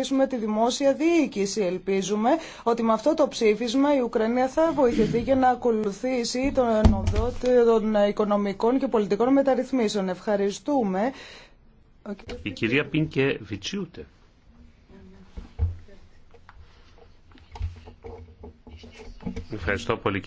Ευχαριστούμε τη δημόσια διοίκηση. Ελπίζουμε ότι με αυτό το ψήφισμα η Ουκρανία θα βοηθηθεί για να ακολουθήσει τον οδό των οικονομικών και πολιτικών μεταρρυθμίσεων. Ευχαριστούμε. Η κυρία Πίνκε Βιτσιούτε. Ευχαριστώ πολύ